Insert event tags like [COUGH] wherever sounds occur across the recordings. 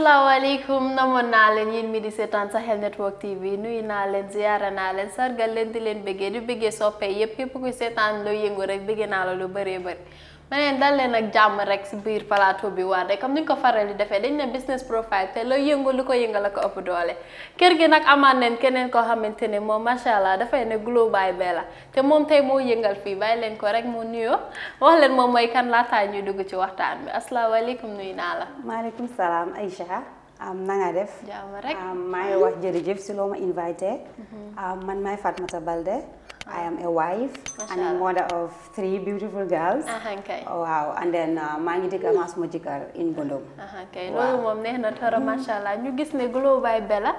asalaamaaleykum namoon naa leen yéen mi di seetaan Sahel Network TV nuyu naa leen ziyaara naa leen sargal leen di leen bëggee di bëggee soppe yépp képp ku seetaan loo yëngu rek bëggee naa la lu bëree bëri ma dal leen ak jàmm rek si biir plateau bi waar rek comme ni nga ko faral di defee dañ ne business profile te loo yëngu lu ko yëngal la ko ëpp doole kër gi nag amaat neen keneen koo xamante ne moom macha allah dafay ne global bee la te moom tey moo yëngal fii bàyyi leen ko rek mu nuyoo wax leen moom mooy kan laataa ñuy dugg ci waxtaan bi asalaamaaleykum nuyu naa la. maaleykum salaam Aïcha. am na def. jàmm maa ngi wax jërëjëf si loo ma invité. Mhm. man maay Fatmata Balde. I am a wife and a mother of three beautiful girls. Okay. Oh, wow. And then maa ngi dëkk ak sama jëkkër in Bondom. Okay. Loolu moom neex na trop macha allah ñu gis ne Global Bella.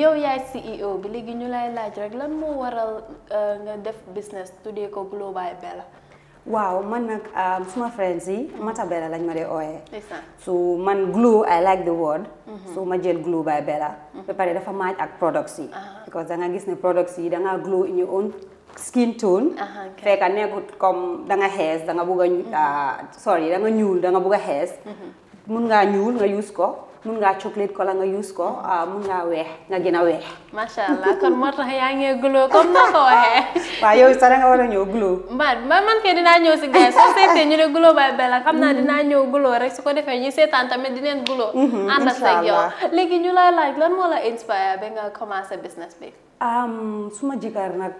yow yaay CEO bi léegi ñu lay laaj rek lan moo waral uh, nga def business tuddee ko Global Bella. Ah. Wow, man um, suma friends yi Mata Bella lañ ma dee so man glue I like the word. Mm-hmm. so ma jël glue by Bella. ba pare dafa match ak products yi. because da nga gis ne products yi da nga glue in your own skin tone fekk nekkut comme da nga hess da nga bugg a sorry da nga ñuul da nga bugg a xees mun ngaa ñuul nga use ko mën nga chocolate kola nga use ko mën mhm. ah, nga weex nga gëna a weex masha allah kon [LAUGHS] moo tax yaa ngee glow comme noo ko waxee [LAUGHS] waaw yow sa da nga war a glow man ma man ke dina ñëw ci gars soo seetee ñu né glow bay bella xamna dina mhm. dinaa glow rek su ko défé ñu sétan tamit di dineen glow mhm, ànd ak yow légui ñu lay like lan mo la inspire ba nga commencer business bi um suma jikar nak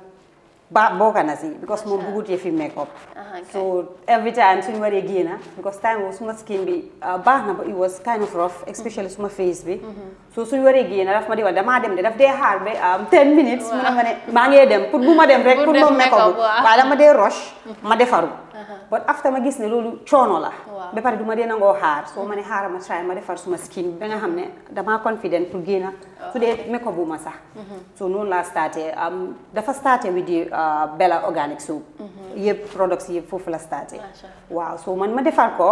ba bokk na si because moom bugut yëfi makeup ah, so every time suñu waree na because time boobu suma skin bi ah, baax na ba it was kind of rough especially suma face bi mm-hmm. so suñu waree génna daf ma di wax damaa dem de daf dee xaar ba ah, ten minutes mu ne maa ngee dem pour bu ma dem rek [LAUGHS] pour moom makeup waaye dama dee rush ma defaru Uh-huh. but after ma gis ne loolu coono la. ba pare du ma dee nangoo xaar soo ma ne xaaral ma try ma defar suma skin bi ba nga xam ne damaa confident pour génna. Uh-huh. su dee makeup bu ma sax. Uh-huh. so noonu laa um, dafa starté with the uh, Bella organic soap. yëpp products foofu la starté. waaw so man ma defar ko.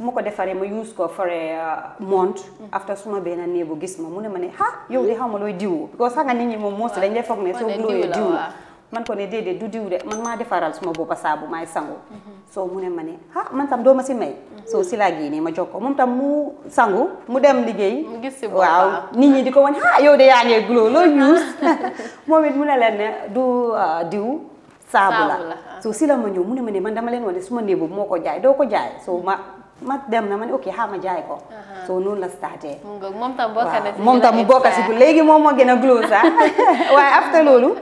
ma ko defaree ma use ko for a uh, month after suma benn néebu gis ma mu ne ma ne ah yow de hmm. xaw ma looy diwoo. because xam nga nit ñi moom moos dañ lay foog ne soo glowee diw man ko ne dede du diw de man ma defaral suma bopa sabu may sangu mm -hmm. so mune mané ha man tam do ma ci may soo mhm. si laa génnee ma jokko mom tam mu sangu mu dem liggey waaw nit ñi diko ko ha yow de yañe glo lo news [LAUGHS] [LAUGHS] momit mune len ne du uh, diw sabu la ah. so sila ma ñëw mune mané man dama len wane suma nebu moko jaay do ko jaay so mhm. ma ma dem na man ne ha ma jaay ko. so noonu la starté. mom tam bokka na ci mom tam bokka ci si mom mo gëna glo sax [LAUGHS] waaye after loolu.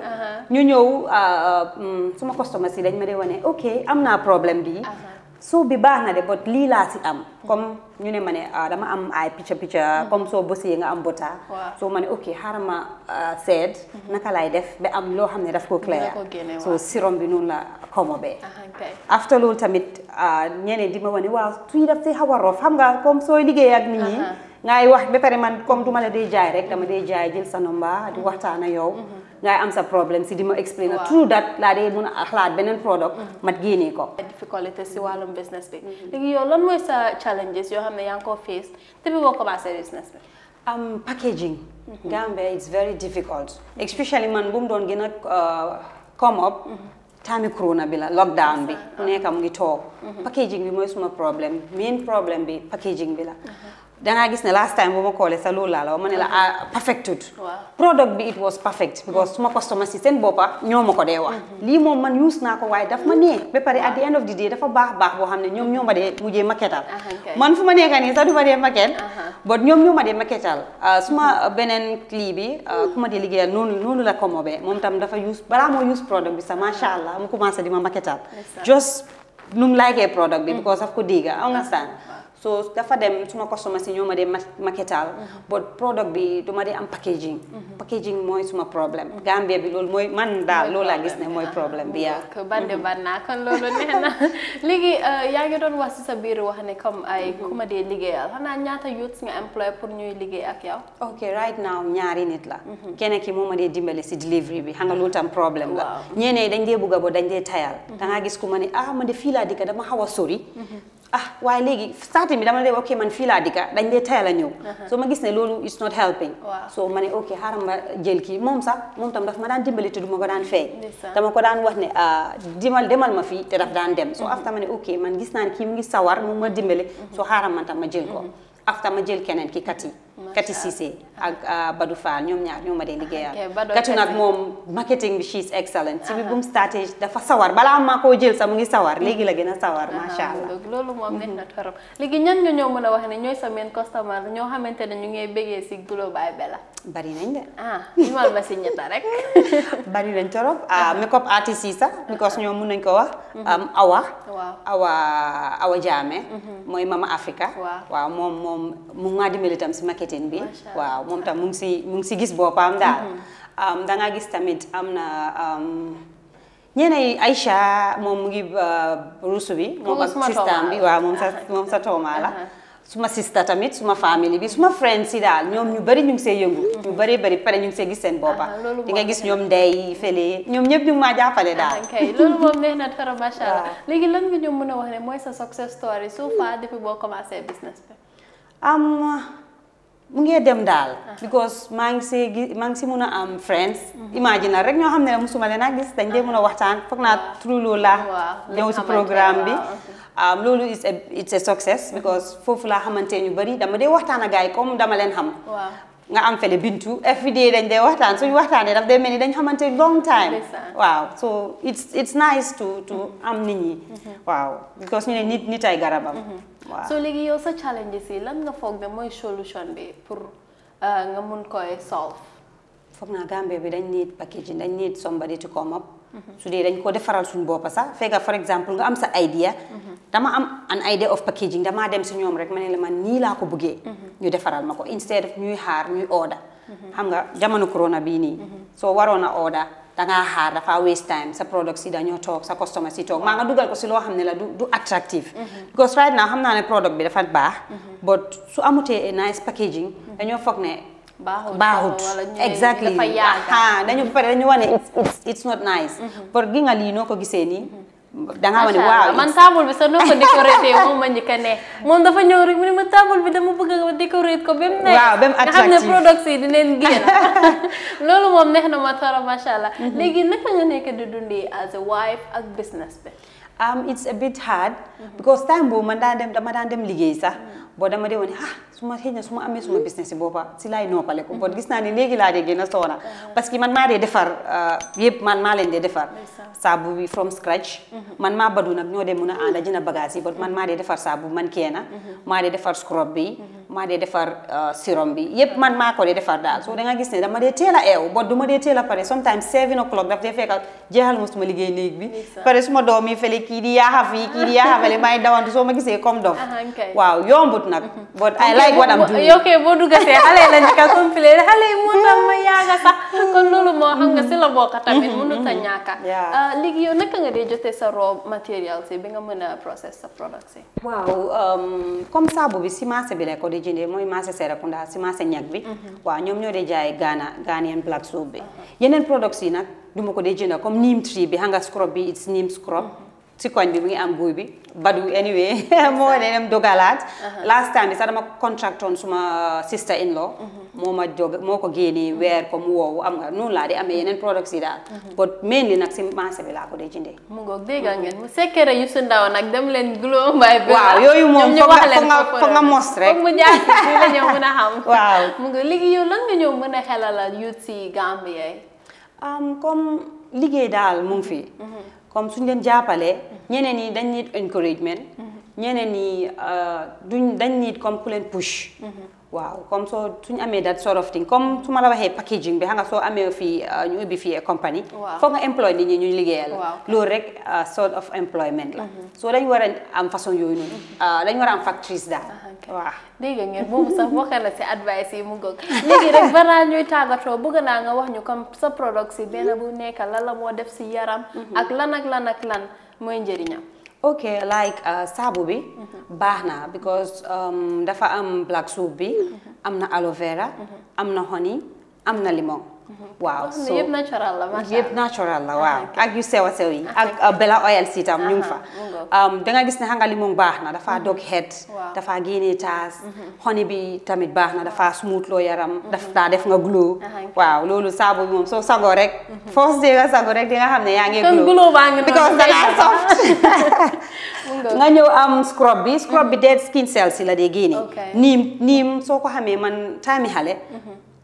ñu ñëw ah, ah, mm, suma customers si dañ ma dee wane ok am naa problème bi ah, suuf bi baax na de bot lii laa si am comme ñu ne ma ne dama am ay picca picca mm-hmm. comme soo bësee nga am bota soo ma ne ok xaaral ma mm-hmm. naka laay def ba am loo xam ne daf ko clair so sirom bi noonu la komo bee after loolu tamit ñeneen di ma wane waaw suy daf si xaw a rof xam nga comme sooy liggéey ak nit ñi ngay wax ba pare man comme du ma la dee jaay rek dama dee jaay jël sa nomba di mm-hmm. waxtaan yow ngay am sa problème si di ma explainer through that laa dee mun a xalaat beneen product mm-hmm. mat génnee ko difficulté si wàllum business bi mm-hmm. léegi yow lan mooy sa challenges yoo xam ne yaa ngi ko face te bi boo commencé business bi am um, packaging mm-hmm. Gambia it's very difficult especially man bu mu doon gën a uh, come up taami corona bi la lockdown bi ku nekk mu ngi toog packaging bi mooy suma problème main problème bi packaging bi la Dan gis ne last time buma ma koolee sa loolu laa la ma la perfected product bi it was perfect because suma customer si sen bopa ñoo ma ko wax mm-hmm. li mom man use naa ko waaye daf ma mm-hmm. nee be pare at the end of the day dafa bax bax bo xam ñom ñoma ñoo mujjé dee maketal man fuma ma ka ni sa du ma maket but ñom ñoma ma dee maketal ah, suma benen lii bi ah, mm-hmm. kuma ma dee nonu nonu la ko mobé mom tam dafa use bala mo use product bi sax macha allah mu commencé di ma maketal just num like a product bi because of ko dégga understand so dafa dem suma customer si ñoo ma dee maketal mm-hmm. but product bi duma dee am packaging mm-hmm. packaging mooy suma problème Gambia bi loolu mooy man daal loolu laa gis ne mooy ah. problème bi yaa bande mm-hmm. banna kon loolu neex na [LAUGHS] léegi euh, yaa ngi doon wax si sa biir wax ne comme ay ku ma dee liggéeyal ñaata youths nga employ pour ñuy liggéey ak yow ok right now ñaari nit la keneen ki moo ma dee dimbale si delivery bi xam nga loolu tam problème la ñeenee dañ dee bugga bo dañ dee tayal da ngaa gis ku ma ah man de fii laa dikka dama xaw sori ah waaye léegi starting bi dama dee ok man fii laa dikka dañ dee tayal a ñëw uh-huh. so ma gis ne loolu it's not helping so ma ne ok xaaral ma jël kii moom sax moom tam daf ma daan dimbali te du ma ko daan fay dama ko daan wax ne ah, dimal demal ma fii te daf daan dem so uh-huh. after ma ne ok man gis naa ne kii mu ngi sawar mu ma dimbale uh-huh. so xaaral man tam ma jël ko after ma jël keneen ki kat yi Kati sisi ak uh, Badou Fall ñoom ñaar ñoma day dee liggéeyal ah, Kati nak mom marketing bi she is excellent si bi ah. bu starté dafa sawar Bala maa koo jël sa mu ngi sawar légui la gëna sawar ah, ma sha allah lolu mom neex na mhm. torop légui ñan nga ñoo mëna wax ni ñoy sa main customer ñoo xamantene ñu ngi bégee ci Bella bari nañ de ah limal ma si ñetta rek [LAUGHS] bari nañ torop ah makeup artist yi sa because ñoom mun ko wax mhm. um, awa awa awa jame moy mhm. Mama Africa waaw mom mom mu ngaa dimbali tam si marketing bi waaw moom tam mu ngi si mu ngi si gis boppam daal mm-hmm. da nga gis tamit am na ñeneen Aïcha moom mu ngi ruusu bi moom ak sistam bi waaw moom sa [LAUGHS] moom sa toomaa la uh-huh. suma sista tamit ma famille bi su ma friends yi daal ñoom ñu bari ñu ngi see yëngu mm-hmm. ñu bëri bari pare ñu ngi see gis seen boppa uh-huh, di nga gis ñoom ndey fele ñoom ñëpp ñu ngi maa jàppale daal ah, kay loolu [LAUGHS] léegi lan nga ñoom mën a wax ne mooy sa success story so far depuis boo commencé bi am mu ngee dem daal because maa ngi gi maa si mun a am friends mhm. imagine rek ñoo xam ne musuma leen a gis dañ dee mun a waxtaan foog naa true loolu laa ñëw si programme bi um, loolu is a it's a success mhm. because foofu laa xamante ñu bëri dama dee waxtaan a gars yi comme dama leen xam nga am fele bintu every day dañ dee waxtaan suñu waxtaanee daf dee mel ni dañ xamante long time waaw so it's it's nice to to mhm. am nit ñi waaw because ñu ne nit nit ay garabam waaw soo léegi yow sa challenges yi lan nga foog ne mooy solution bi pour euh, nga mun koy solve. foog naa Gambie bi dañ need packaging dañ need somebody to come moom su dee dañ koo defaral suñu bopp sax fekk for exemple nga am sa idea. Mhm. dama am an idea of packaging damaa dem si ñoom rek ma ne la man nii laa ko buggee mhm. ñu defaral ma ko instead of ñuy xaar ñuy order. Mhm. xam nga jamono corona bii nii. soo waroon a order. dangaa xaar dafa waste time sa product si dañoo toog sa customer si toog maa nga dugal ko si loo xam ne la du du attractive mhm. because right now xam naa ne product bi dafa baax mhm. but su amutee nice packaging mhm. dañoo foog ne baaxut exactly dañu pare dañu wane it's not nice but gi nga lii noo ko gisee nii da ngaa wane waaw man table bi sax noo ko décoré tey moom ma njëkk a ne moom dafa ñëw rek mu ma table bi dama bëgg a décoré ko ba mu ne waaw ba mu attractif nga xam ne products yi dinañ génn loolu moom neex na ma trop macha allah. léegi naka nga nekk du dundee as a wife ak business bi. um it's a bit hard. because time boobu man daan dem dama daan dem liggéey sax boo dama de woon ah. Mm. su ma xëy na su ma amee suma business yi booba si laay noppale ko bon gis naa ni léegi laa dee gën a soona mhm. parce que man maa dee defar euh, yëpp man maa saabu bi from scratch mhm. man maa badu nag ñoo dee mun a ànd jënd bagage yi bon man maa dee defar saabu man keena mhm. maa dee defar scrub bi maa dee defar euh, sérum bi yëpp man maa ko dee defar daal soo da nga gis ne dama dee teel a eew bon du ma dee teel a pare sometimes seven o'clock daf dee fekk jeexal ma suma liggéey néeg bi pare suma doom yi kii di yaaxa fii kii di yaaxa fële maa dawantu soo ma gisee comme dof waaw yombut nag ak wadam yow kay boo duggatee xale la ñu ka complet xale yi moo tax ma yaaga kon loolu moo xam si la bokk tamit a ñàkk léegi nga dee jotee sa raw material si bi nga mën a process sa product si waaw bi si bi mm-hmm. la uh-huh. ko di jëndee mooy marché Serekunda si marché ñag bi waaw ñoom ñoo dee jaay Ghana Ghanaian black soap bi yeneen products yi nag du ma ko dee jënd comme neem tree bi xam nga bi it's neem scrub mm-hmm. ci koñ bi mu ngi am guy bi badu anyway [LAUGHS] moo ne dem dogalaat uh-huh. last time bi sax dama contractoon suma sister in law mm-hmm. moo ma jog moo ko génnee mm-hmm. weer ko mu woowu am nga noonu laa di amee mm-hmm. yeneen products yi daal but mainly nag si marché bi laa ko dee jëndee mu ngoog dégg ngeen mu sekkere yu su ndaw nag dem leen guloo mbaay bi waaw yooyu moom foog nga foog nga mos rek mu jaar si la ñëw a xam [LAUGHS] waaw mu nga léegi yow lan nga ñëw mën a xelala youth si Gambia um, comme liggéey daal mu ngi fii mhm. comme suñ leen jàppalee ñeneen ñi dañ need encouragement mhm. ñeneen ñi euh, duñ dañ need comme ku leen push mhm. waaw comme soo suñu amee dat sort of thing comme su ma la waxee packaging bi xam nga soo amee fii euh, ñu ubbi fii compagnie foog nga employ nit ñi ñu liggéeyal loolu rek euh, sort of employment la soo dañ war a am façon yooyu noonu dañ war a am factories daal waaw dégg ngeen boobu sax bokk na si advice yi mu gog léegi rek balaa ñuy tàggatoo bëgg naa nga wax ñu comme sa produit si benn bu nekk lan la moo def si yaram mhm. ak lan ak lan ak lan mooy njëriñam ok like uh, saabu bi mhm. baax na because um, dafa am black soap bi mhm. am na aloe vera am na honey am na limon Mm-hmm. waaw so yëpp natural la macha la waaw ah, ak yu sew sew yi ah, ak uh, bela oil si tam ñu ngi fa. Um, da gis ne xanga limon baax na dafa mm-hmm. dog head. dafa génnee taas. Mm-hmm. honey bi tamit baax na dafa smooth loo yaram. daf daa def nga glow. waaw loolu saabu moom soo sangoo rek. force de nga sangoo rek di nga xam ne yaa ngi glow. because danaa soft. [LAUGHS] nga ñëw am scrub bi scrub bi dead skin cells si la dee génne. niim niim soo ko xamee man taami xale.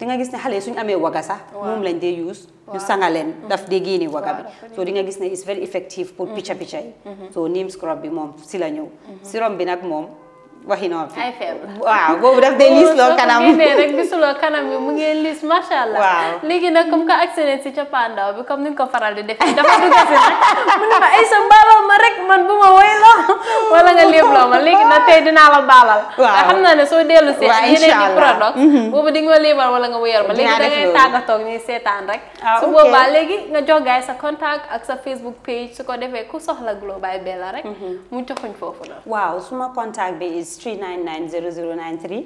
di nga gis ne xale yi suñu amee waga sax moom lañ dee use ñu sanga leen mm-hmm. daf dee génne waga bi so di gis ne is very effective picca picca yi mm-hmm. so neem scrub bi moom si la ñëw sérum mm-hmm. bi nag moom waxi noppi ay feebar waaw boobu daf dee liisloo kanam nee rek gisuloo kanam bi mu ngi liis macha allah waaw léegi nag comme que agsi nañ si cappaandaw bi comme ni nga ko faral di defee dafa dugg si nag mu ne ma ay sa mbaaloo ma rek man bu ma woyloo [LAUGHS] wala nga léebloo ma léegi nag tey dinaa la baalal waaw xam naa ne soo dellu see yeneen di product mhm. boobu di nga ma léebal wala nga wuyal ma léegi da ngay tàggatoog nii seetaan rek ah, su boobaa léegi nga jox gaay sa contact ak sa Facebook page su ko defee ku soxla Global Bella rek mhm. mu joxuñ foofu la waaw suma contact bi 6 399 0093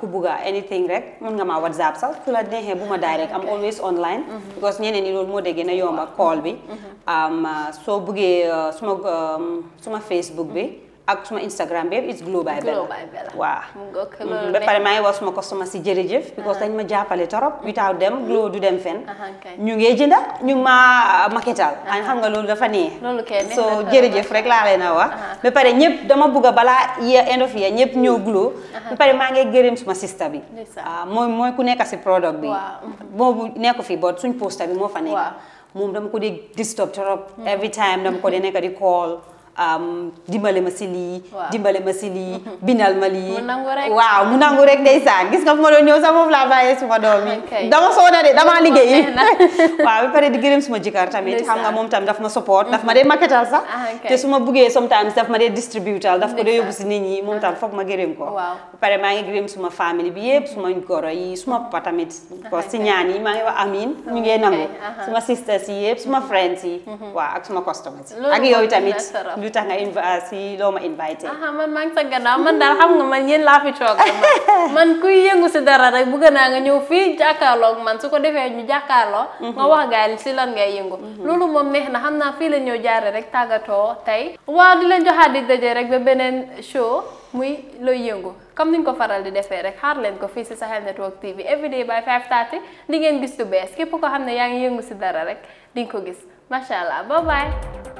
ku bugga anything rek mun nga ma whatsapp sax su la neexee bu ma direct am always online mhm. because ñeneen ñi loolu moo déggee na yomb a call bi mhm. um, uh, soo buggee uh, suma um, suma facebook bi mhm. ak suma Instagram bi is Glow by Bella. Glow by Bella. waaw. ba pare may wax suma customer si jërëjëf. because dañ ma jappalé torop. without dem Glow du dem fen ñu ngi jënda ñu ma maketal. and xam nga loolu dafa nee. loolu so jërëjëf rek la leen a wax. ba pare ñepp dama bëgg bala balaa year end of year ñepp ñoo Glow. ba pare ma ngi gërëm suma sister bi. moy ah, moy ku nekk ci product bi. boobu nekku fi but suñ poster bi mo fa nekk. mom dama ko di disturb torop. Hmm. every time dama ko di nekk di call. dimbale ma si lii. dimbale ma si lii bindal ma lii. [LAUGHS] mu nangu waaw mu nangu rek ndeysaan gis nga fu ma doon ñëw sax foofu laa bàyyee suma doom yi. dama soona de dama liggéey. [LAUGHS] waaw ba pare di gërëm suma jëkkër tamit xam nga moom tam daf ma support daf ma mhm. dee marketal sax. Ah, te su ma buggee sometimes daf ma dee distributal daf ko dee yóbbu si nit ñi moom tam foog ma gërëm ko. waaw ba pare maa ngi gërëm suma famille bi yëpp suma goro yi suma papa tamit. Ah, ko si ñaan yi maa ngi wax amin ñu ngi nangu. suma sisters yi yëpp suma friends yi. Mhm. waaw ak suma customers ak yooyu tamit lu nga invasi ah, lo ma invité. aha man maa ngi sa ah, man dal xam nga man yeen la fi tok man [LAUGHS] kuy yengu ci dara rek bu naa nga ñëw fii jàkkaarloog man suko defé ñu jakarlo mhm. nga wax gaay ci lan ngay yengu mhm. lolu mom neex na xam naa la ñew jaar rek tagato tay wa di leen joxaat di dajé rek be benen show muy lo yengu comme niñ ko faral di defé rek xaar leen ko fii si Sahel Network TV everyday by 5:30 di ngeen gis tu bes kep ko xamne ne yaa ngi yëngu dara rek di ko gis Masha allah bye bye.